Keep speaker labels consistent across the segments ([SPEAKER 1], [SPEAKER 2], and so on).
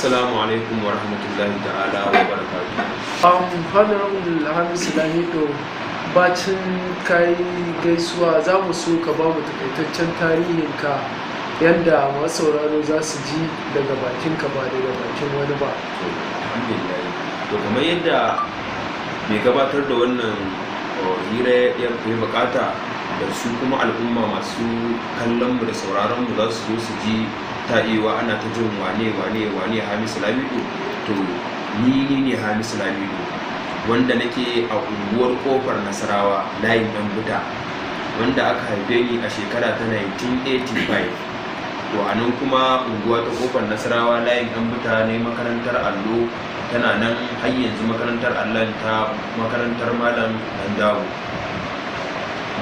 [SPEAKER 1] Assalamu alaikum wa rahmatullahi ta'ala wa barakatuhu.
[SPEAKER 2] Um, Honorable Hamisu Lamido, bacin gaisuwa za mu so ka ba mu takaitaccen ka yadda masu sauraro za su ji daga bakinka ba daga bakin wani ba.
[SPEAKER 1] Alhamdulillah. To kamar yadda mai gabatar da wannan hira ya bukata da su kuma al'umma masu kallon mu da sauraron mu za su zo su ji wa ana ta jin wane wane wane hamisu lamido to ni ni ne hamisu lamido wanda nake a unguwar kofar nasarawa layin dan buta wanda aka haife ni a shekara ta 1985 to a nan kuma unguwa ta kofar nasarawa layin dan buta ne makarantar allo tana nan har yanzu makarantar allon ta makarantar malam dan dawo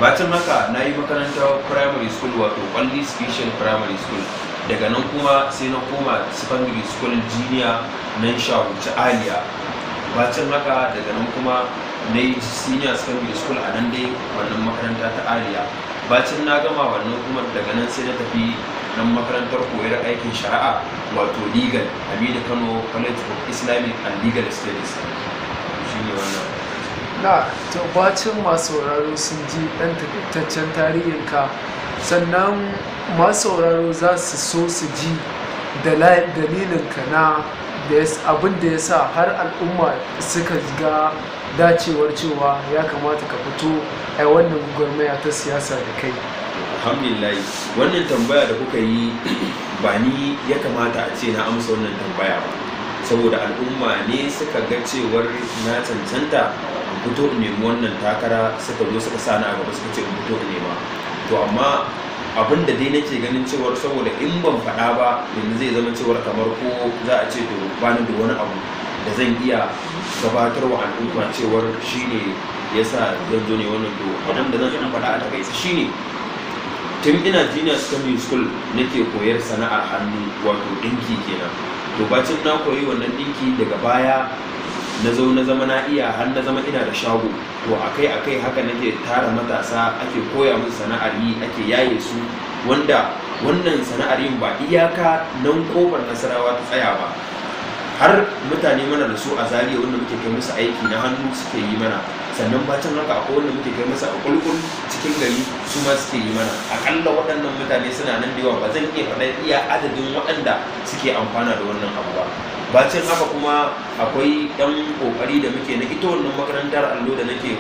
[SPEAKER 1] bacin haka na yi makarantar primary school wato kwalli special primary school daga nan kuma sai na koma secondary school junior nan sha wuce aliya bacin haka daga nan kuma na yi senior secondary school a nan dai wannan makaranta ta aliya bacin na gama wannan kuma daga nan sai na tafi nan makarantar koyar aikin shari'a wato legal hamidu kano college of islamic and legal studies shi wannan
[SPEAKER 2] na to bacin masu sauraro sun ji ɗan takaitaccen tarihinka sannan masu sauraro za su so su ji dalilinka na abin da ya sa har al'umma suka ga dacewar cewa ya kamata ka fito a wannan gwagwarmaya ta siyasa da kai
[SPEAKER 1] alhamdulillah wannan tambaya da kuka yi ba ni ya kamata a ce na amsa wannan tambaya ba saboda al'umma ne suka ga cewar na cancanta fito in nemi wannan takara suka zo suka sani a gaba suka ce fito in nema to amma abin da dai nake ganin cewar saboda in ban faɗa ba yanzu zai zama cewar kamar ko za a ce to bani da wani abu da zan iya gabatarwa al'umma cewar shine sa zan zo ne wannan to abin da zan faɗa a takaice shine tun ina junior secondary school nake koyar sana'ar hannu wato dinki kenan to bacin na koyi wannan dinki daga baya na zo na zama na iya har na zama ina da shago to akai akai haka nake tara matasa ake koya musu sana'ar yi ake yaye su wanda wannan sana'ar yin ba iyaka nan kofar nasarawa ta tsaya ba har mutane mana da su a zariya wanda muke kai musu aiki na hannu suke yi mana sannan bacin haka akwai wanda muke kai musu a kulkul cikin gari su ma suke yi mana akalla waɗannan mutane suna nan da yawa ba zan iya faɗa iya adadin waɗanda suke amfana da wannan abu ba bacin haka kuma akwai ɗan ƙoƙari da muke na ita wannan makarantar allo da nake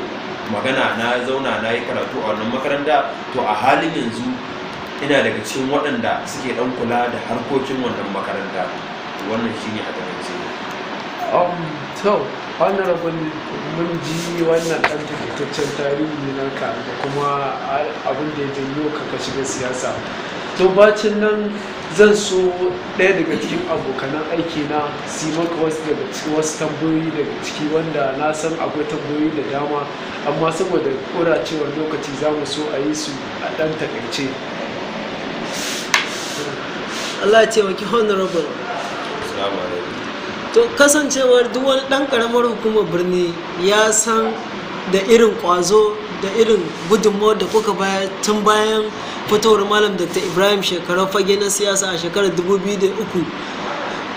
[SPEAKER 1] magana na zauna na yi karatu a wannan makaranta to a halin yanzu ina daga cikin waɗanda suke ɗan kula da harkokin wannan makaranta wannan shine a takaice.
[SPEAKER 2] Um, wannan mun ji wannan ɗan takaitaccen tarihi na ka da kuma abin da ya janyo ka ka shiga siyasa to bacin nan zan so ɗaya daga cikin abokanan aiki na si maka wasu daga cikin wasu tambayoyi daga ciki wanda na san akwai tambayoyi da dama amma saboda cewa lokaci za mu so a yi su a ɗan takaice
[SPEAKER 3] Allah ya maki honorable. to kasancewar duk wani ɗan karamar hukumar birni ya san da irin ƙwazo da irin gudunmawar da kuka baya tun bayan fitowar malam dr ibrahim shekarar fage na siyasa a shekarar 2003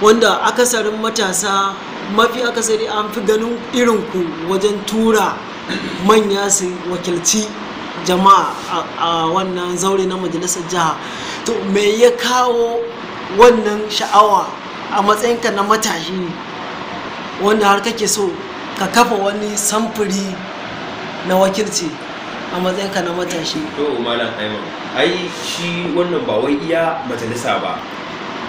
[SPEAKER 3] wanda akasarin matasa mafi akasari an fi ganin irin ku wajen tura manya su wakilci jama'a a wannan zaure na majalisar jiha to me ya kawo wannan sha'awa a matsayinka na matashi wanda har kake so ka kafa wani samfuri na
[SPEAKER 1] wakilci a matsayinka na matashi to malam aiman ai shi wannan ba wai iya majalisa ba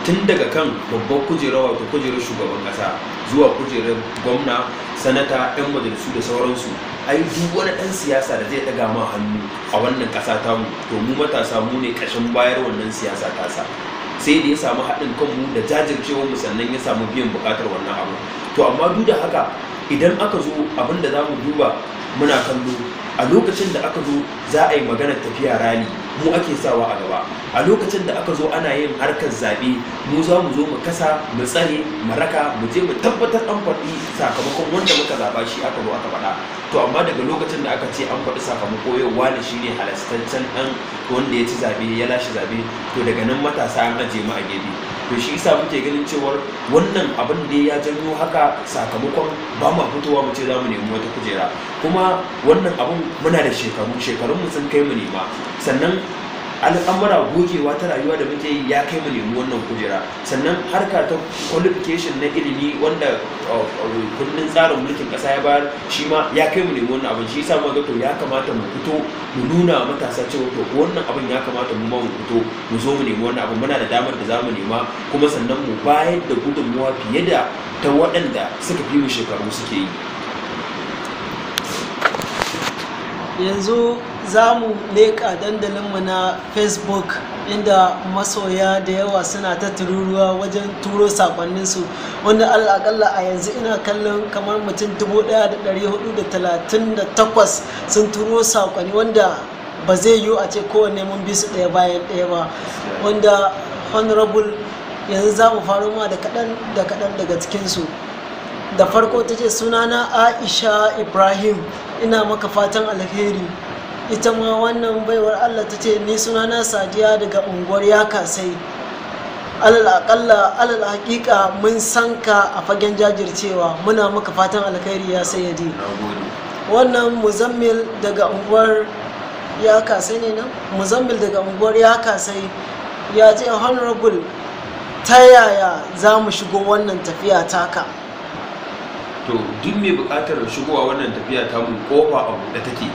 [SPEAKER 1] tun daga kan babban kujera wato kujerar shugaban kasa zuwa kujerar gwamna sanata yan majalisu da sauransu ai duk wani ɗan siyasa da zai ɗaga ma hannu a wannan ƙasa tamu to mu matasa mu ne ƙashin bayar wannan siyasa tasa sai da ya samu haɗin kanmu da jajircewar mu sannan ya samu biyan buƙatar wannan abu to amma duk da haka idan aka zo abin da za mu duba muna kallo a lokacin da aka zo za a yi maganar tafiya rali mu ake sawa a gaba a lokacin da aka zo ana yin harkar zaɓe mu za mu zo mu kasa mu tsare mu raka mu je mu tabbatar an faɗi sakamakon wanda muka zaɓa shi aka zo aka faɗa to amma daga lokacin da aka ce an faɗi sakamako yau wani shi ne halastancen ɗan wanda ya ci zaɓe ya lashe zaɓe to daga nan matasa an ajiye mu a gefe to shi yasa muke ganin cewar wannan abin da ya janyo haka sakamakon ba mu fitowa mu ce za mu nemi wata kujera kuma wannan abin muna da shekaru shekarun mu sun kai mu nema sannan al'amura gogewa ta rayuwa da muke yi ya kai mu nemi wannan kujera sannan harka ta qualification na ilimi wanda uh, kundin tsarin mulkin kasa ya bayar shi ma ya kai mu nemi wannan abin shi yasa muka ga to ya kamata mu fito mu nuna matasa cewa to wannan abin ya kamata mu ma mu fito mu zo mu nemi wannan abin muna da damar da za mu nema kuma sannan mu bayar da gudunmuwa fiye da ta waɗanda suka fi mu shekaru suke
[SPEAKER 3] yi yanzu za mu leƙa dandalinmu na facebook inda masoya da yawa suna ta tururuwa wajen turo saƙonninsu wanda alakalla a yanzu ina kallon kamar mutum 1438 sun turo saƙonni wanda ba zai yiwu a ce kowanne mun bi su ɗaya bayan ɗaya ba wanda honorable yanzu za mu faru ma da kaɗan da kaɗan daga cikinsu da farko ta ce sunana aisha ibrahim ina maka fatan alheri ita ma wannan baiwar allah ta ce ni sunana sadiya daga unguwar ya kasai alal akalla mun san ka a fagen jajircewa muna maka fatan alkhairi ya sayyadi wannan muzammil daga unguwar ya kasai ne nan muzammil daga unguwar ya kasai ya ce honorable ta yaya za mu shigo wannan tafiya taka
[SPEAKER 1] to duk mai bukatar shigowa wannan tafiya ta mu kofa a buɗe take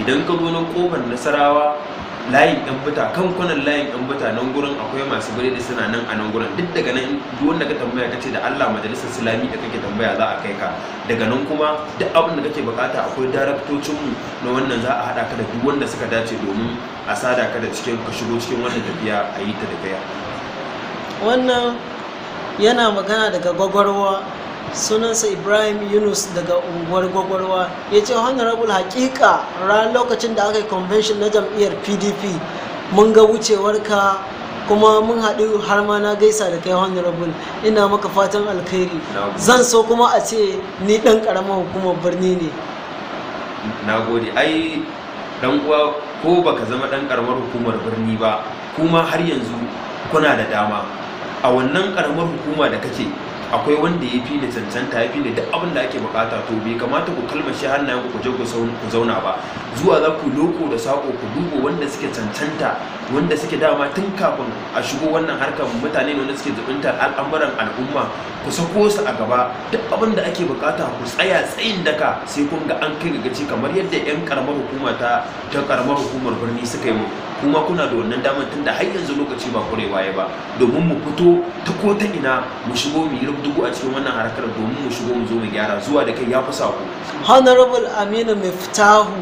[SPEAKER 1] idan ka zo kofar nasarawa layin yan buta kan kwanan layin yan buta nan gurin akwai masu biredi suna nan a nan gurin duk daga nan duk wanda ka tambaya kace da Allah majalisar islami da kake tambaya za a kai ka daga nan kuma duk abin da kake bukata akwai daraktocin mu na wannan za a hada ka da duk wanda suka dace domin a sada ka da cikin ka shigo cikin wannan tafiya a yi ta da gaya wannan yana magana daga gwagwarwa
[SPEAKER 3] sunansa ibrahim yunus daga unguwar gwagwarwa ya ce honorable hakika ran lokacin da aka yi convention na jam'iyyar pdp mun ga wucewar ka kuma mun haɗu har ma na gaisa da kai honorable ina maka fatan alkhairi zan so kuma a ce ni ɗan ƙaramin hukumar birni ne
[SPEAKER 1] na gode ai uwa ko baka zama ɗan ƙaramar hukumar birni ba kuma har yanzu kuna da dama a wannan ƙaramar hukuma da kake akwai wanda ya fi da cancanta ya fi da duk abin da ake bukata to bai kamata ku kalmashi hannayen ku je ku zauna ba zuwa za ku loko da sako ku dubo wanda suke cancanta wanda suke dama tun kafin a shigo wannan harkar mutane ne wanda suke zubinta al'amuran al'umma ku sako su a gaba duk abin da ake bukata ku tsaya tsayin daka sai kun ga an kai gaci kamar yadda 'yan karamar hukuma ta karamar hukumar birni suka yi mu kuma kuna da wannan damar tun da har yanzu lokaci ba kure waye ba domin mu fito ta ko ta ina mu shigo mu yi rubdugu a cikin wannan harkar domin mu shigo mu zo mu gyara zuwa da kai ya fi sako
[SPEAKER 3] honorable aminu miftahu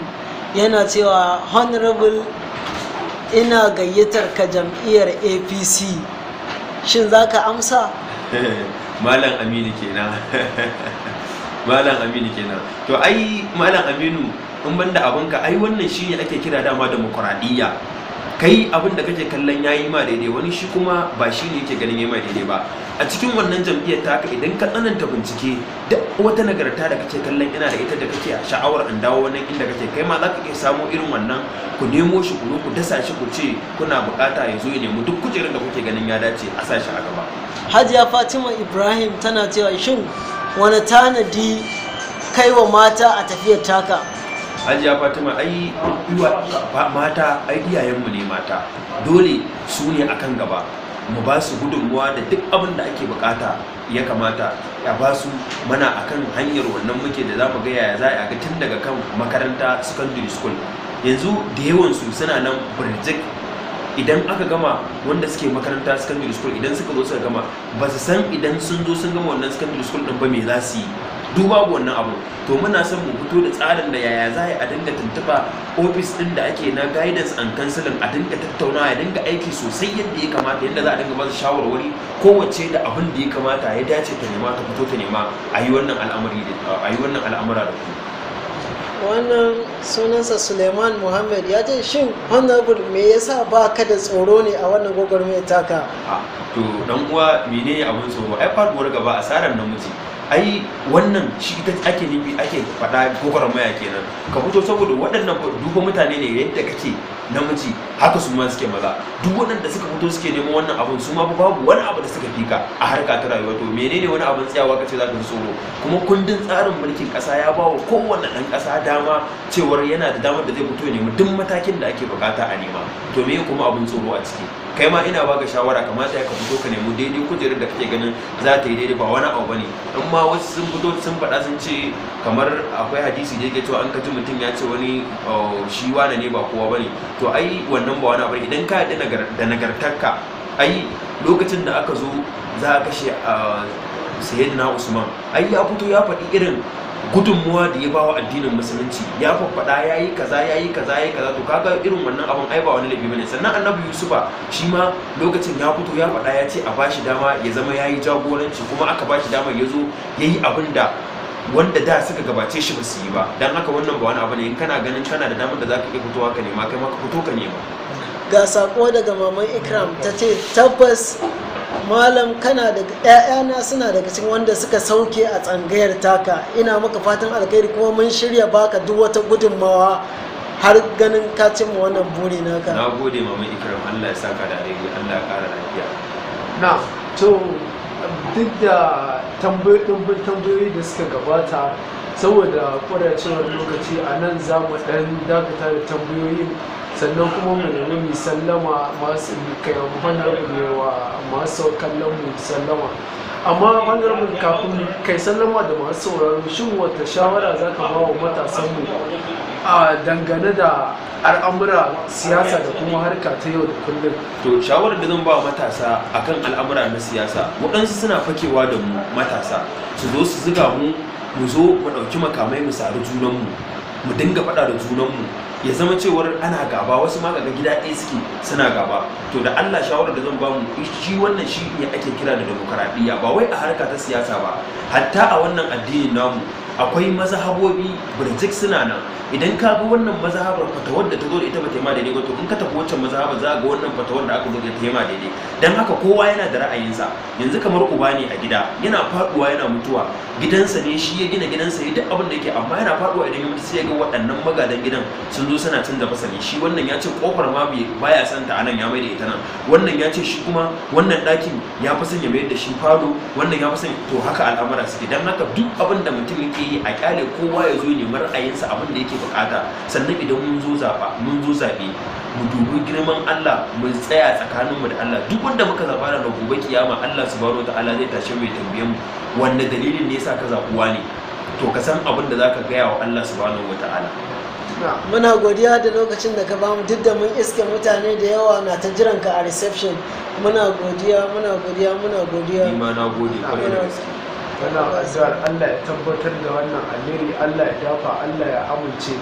[SPEAKER 3] yana cewa honorable ina gayyatar ka jam'iyyar apc shin za ka amsa
[SPEAKER 1] malam aminu kenan malam aminu kenan to ai malam aminu in banda abinka ai wannan shine ake kira dama demokuraɗiyya kai abin da kake kallon ya yi ma daidai wani shi kuma ba shi ne yake ganin yi ma daidai ba a cikin wannan jam'iyyar taka idan ka tsananta bincike da wata nagarta da kake kallon ina da ita da kake sha'awar an dawo wannan inda kake kai ma ka iya samo irin wannan ku nemo shi ku ku dasa shi ku ce kuna bukata ya zo ya nemi duk kujerar da kuke ganin ya dace a sa shi a gaba Hajiya Fatima Ibrahim tana cewa
[SPEAKER 3] shin wani tanadi kai wa mata a tafiyar taka
[SPEAKER 1] hajiya fatima ai mata ai iyayenmu ne mata dole su ne akan gaba mu ba su gudunmuwa da duk abin da ake bukata ya kamata ya ba su mana akan hanyar wannan muke da za mu ga yaya za a ga tun daga kan makaranta secondary school yanzu da yawansu suna nan birjik idan aka gama wanda suke makaranta secondary school idan suka zo suka gama ba su san idan sun zo sun gama wannan secondary school din ba me za su yi duba wannan abu to muna son mu fito da tsarin da yaya za a dinga tuntuba ofis din da ake na guidance and counseling a dinga tattaunawa ya dinga aiki sosai yadda ya kamata yadda za a dinga ba shawarwari kowace da abin da ya kamata ya dace ta nema ta fito ta nema a yi wannan al'amari a yi wannan al'amura da
[SPEAKER 3] ku wannan sunansa suleiman muhammad ya ce shin honorable me yasa ba ka da tsoro ne a wannan gwagwarmaya taka
[SPEAKER 1] to dan uwa menene abin tsoro ai faduwar gaba asarar namiji ai wannan shi ita ake nufi ake faɗa maya kenan ka fito saboda waɗannan duba mutane ne yadda kake namiji haka su ma suke maza duk waɗanda suka fito suke neman wannan abun su ma babu wani abu da suka fika a harka ta rayuwa to menene wani abun tsayawa kace za ka tsoro kuma kundin tsarin mulkin kasa ya ba wa kowanne ɗan ƙasa dama cewar yana da damar da zai fito nemi duk matakin da ake bukata a nema to me kuma abun tsoro a ciki kai ma ina baka shawara kamata ya ka fito ka nemi daidai kujerar da kake ganin za ta yi daidai ba wani abu bane in ma wasu sun fito sun faɗa sun ce kamar akwai hadisi da yake cewa an kaji mutum ya ce wani oh, shi wane ne ba kowa bane to ai wannan ba wani abu idan ka yi da nagartarka ai lokacin da aka zo za a kashe a na usman ai ya fito ya faɗi irin gudunmuwa da ya bawa addinin musulunci ya faɗa ya yi kaza ya yi kaza ya yi kaza to kaga irin wannan abin ai ba wani laifi bane sannan annabi yusufa shi ma lokacin ya fito ya faɗa ya ce a bashi dama ya zama ya yi jagoranci kuma aka bashi dama ya zo ya yi abin da wanda da suka gabace shi ba su yi ba don haka wannan ba wani abu ne kana ganin kana da damar da za ka iya fitowa ka nema kai maka fito ka nema
[SPEAKER 3] ga sako daga maman ikram ta ce tabbas malam kana da ƴaƴana suna daga cikin wanda suka sauke a tsangayar taka ina maka fatan alkhairi kuma mun shirya baka duk wata gudunmawa har ganin ka cimma wannan buri naka na
[SPEAKER 1] gode maman ikram Allah ya saka da alheri Allah ya kara lafiya
[SPEAKER 2] na to duk da tambayoyi da suka gabata saboda kwadacewar lokaci a nan za mu ɗan dakata da tambayoyin sannan kuma mu nemi mu sallama masu kai wa masu kallon mu sallama amma honorable kafin kai sallama da masu sauraro shin wata shawara za ka ba wa matasan mu a
[SPEAKER 1] dangane da al'amura siyasa da kuma harka ta yau da kullum to shawarar da zan ba matasa akan al'amura na siyasa waɗansu suna fakewa da mu matasa su zo su ziga mu mu zo mu ɗauki makamai mu saru junanmu mu dinga faɗa da junanmu ya zama cewar ana gaba wasu ma daga gida ɗaya suke suna gaba to da Allah shawarar da zan ba mu, shi wannan shi ne ake kira da demokaradiyya ba wai a harka ta siyasa ba hatta a wannan addinin namu akwai mazhabobi birjik suna nan idan ka ga wannan mazhabar fatawar da ta zo da ita ba ta yi ma daidai ba to in ka tafi wancan mazhabar za ga wannan fatawar da aka zo da ta yi ma daidai dan haka kowa yana da ra'ayinsa yanzu kamar uba ne a gida yana faduwa yana mutuwa gidansa ne shi ya gina gidansa ya duk abin da yake amma yana faduwa idan ya mutu sai ya ga waɗannan magadan gidan sun zo suna canza fasali shi wannan ya ce kofar ma baya son ta anan ya mai ita nan wannan ya ce shi kuma wannan ɗakin ya fi son ya mayar da shi fado wannan ya fi son to haka al'amura suke dan haka duk abin da mutum yake yi a kyale kowa ya zo ne ra'ayinsa abin da yake bukata sannan idan mun zo zaɓa mun zo zaɓe mu dubi girman Allah mu tsaya tsakanin mu da Allah duk wanda muka zaɓa da gobe kiyama Allah subhanahu wataala zai tashi mai tambayan mu wanda dalilin ne yasa ka zaɓuwa ne to ka san abin da zaka gaya wa Allah subhanahu wataala
[SPEAKER 3] muna godiya da lokacin da ka bamu duk da mun iske mutane da yawa na ta jiran ka a reception muna godiya muna godiya muna godiya ni
[SPEAKER 1] ma na gode kwarai da gaske
[SPEAKER 3] kana
[SPEAKER 2] azar Allah ya tabbatar da wannan alheri Allah ya dafa Allah ya amince